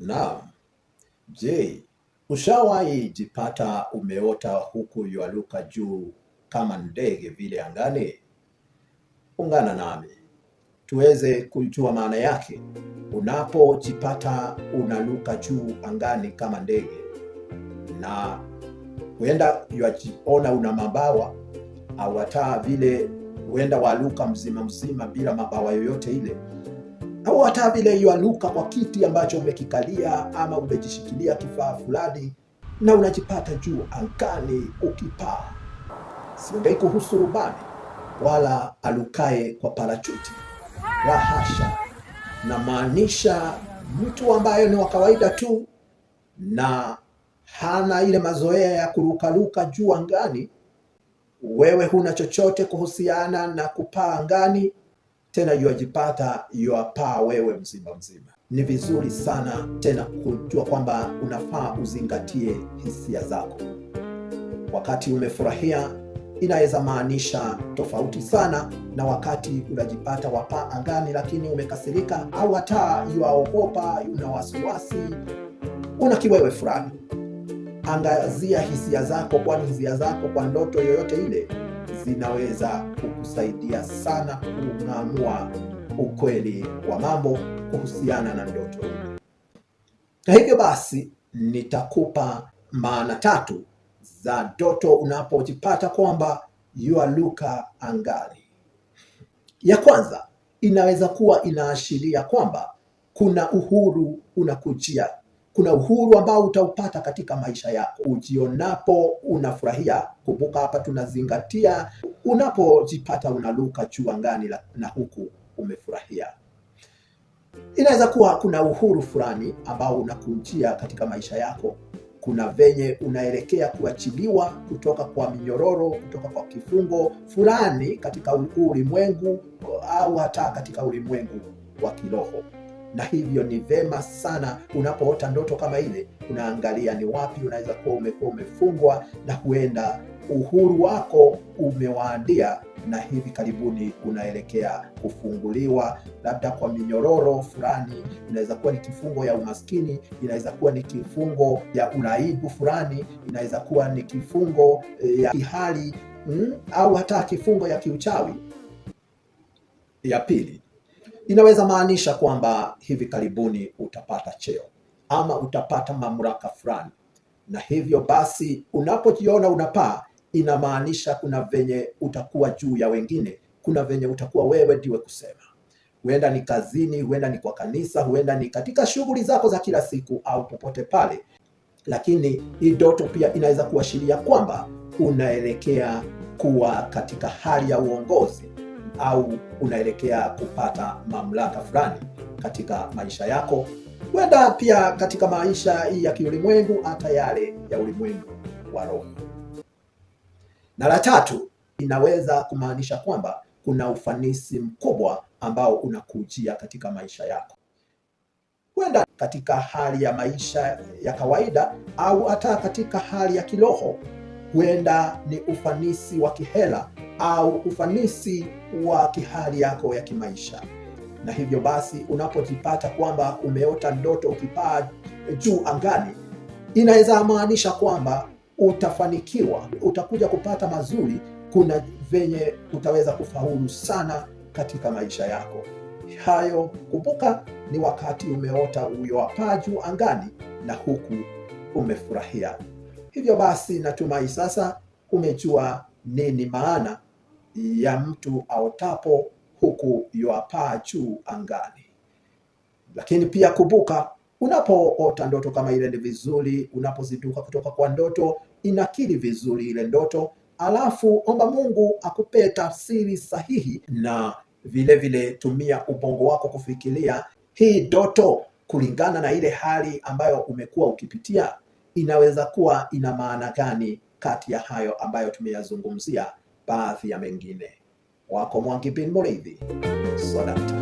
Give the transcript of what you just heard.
Naam. Je, ushawahi jipata umeota huku yualuka juu kama ndege vile angani? Ungana nami tuweze kujua maana yake. Unapojipata unaluka juu angani kama ndege, na huenda yajiona una mabawa au hata vile huenda waluka mzima mzima bila mabawa yoyote ile na hata vile aluka kwa kiti ambacho umekikalia ama umejishikilia kifaa fulani na unajipata juu angani ukipaa. Siongei kuhusu rubani wala alukae kwa parachuti, la hasha. Namaanisha mtu ambaye ni wa kawaida tu na hana ile mazoea ya kurukaruka juu angani. Wewe huna chochote kuhusiana na kupaa angani tena yuajipata yuapaa wewe mzima mzima. Ni vizuri sana tena kujua kwamba unafaa uzingatie hisia zako. Wakati umefurahia inaweza maanisha tofauti sana na wakati unajipata wapaa angani, lakini umekasirika au hata yuaogopa, una wasiwasi, una kiwewe fulani. Angazia hisia zako, kwani hisia zako kwa ndoto yoyote ile zinaweza kukusaidia sana kung'amua ukweli wa mambo kuhusiana na ndoto. Na hivyo basi nitakupa maana tatu za ndoto unapojipata kwamba yualuka angani. Ya kwanza inaweza kuwa inaashiria kwamba kuna uhuru unakujia kuna uhuru ambao utaupata katika maisha yako ujionapo unafurahia. Kumbuka hapa tunazingatia unapojipata unaluka juu angani na huku umefurahia. Inaweza kuwa kuna uhuru fulani ambao unakunjia katika maisha yako. Kuna venye unaelekea kuachiliwa kutoka kwa minyororo, kutoka kwa kifungo fulani katika ulimwengu au hata katika ulimwengu wa kiroho na hivyo ni vema sana unapoota ndoto kama ile, unaangalia ni wapi unaweza kuwa umekuwa umefungwa na huenda uhuru wako umewaandia na hivi karibuni unaelekea kufunguliwa, labda kwa minyororo fulani. Inaweza kuwa ni kifungo ya umaskini, inaweza kuwa ni kifungo ya uraibu fulani, inaweza kuwa ni kifungo eh, ya kihali mm, au hata kifungo ya kiuchawi. Ya pili inaweza maanisha kwamba hivi karibuni utapata cheo ama utapata mamlaka fulani, na hivyo basi unapojiona unapaa, inamaanisha kuna venye utakuwa juu ya wengine, kuna venye utakuwa wewe ndiwe kusema. Huenda ni kazini, huenda ni kwa kanisa, huenda ni katika shughuli zako za kila siku au popote pale. Lakini hii ndoto pia inaweza kuashiria kwamba unaelekea kuwa katika hali ya uongozi au unaelekea kupata mamlaka fulani katika maisha yako, huenda pia katika maisha hii ya kiulimwengu, hata yale ya ulimwengu wa roho. Na la tatu inaweza kumaanisha kwamba kuna ufanisi mkubwa ambao unakujia katika maisha yako, huenda katika hali ya maisha ya kawaida au hata katika hali ya kiroho, huenda ni ufanisi wa kihela au ufanisi wa kihali yako ya kimaisha. Na hivyo basi, unapojipata kwamba umeota ndoto ukipaa juu angani, inaweza maanisha kwamba utafanikiwa, utakuja kupata mazuri, kuna venye utaweza kufaulu sana katika maisha yako hayo. Kumbuka ni wakati umeota uliowapaa juu angani na huku umefurahia. Hivyo basi, natumai sasa umejua nini maana ya mtu aotapo huku yuapaa juu angani. Lakini pia kumbuka, unapoota ndoto kama ile ni vizuri, unapozinduka kutoka kwa ndoto inakili vizuri ile ndoto, alafu omba Mungu akupe tafsiri sahihi, na vilevile vile tumia ubongo wako kufikiria hii ndoto kulingana na ile hali ambayo umekuwa ukipitia, inaweza kuwa ina maana gani kati ya hayo ambayo tumeyazungumzia baadhi ya mengine. Wako Mwangi bin Muridhi,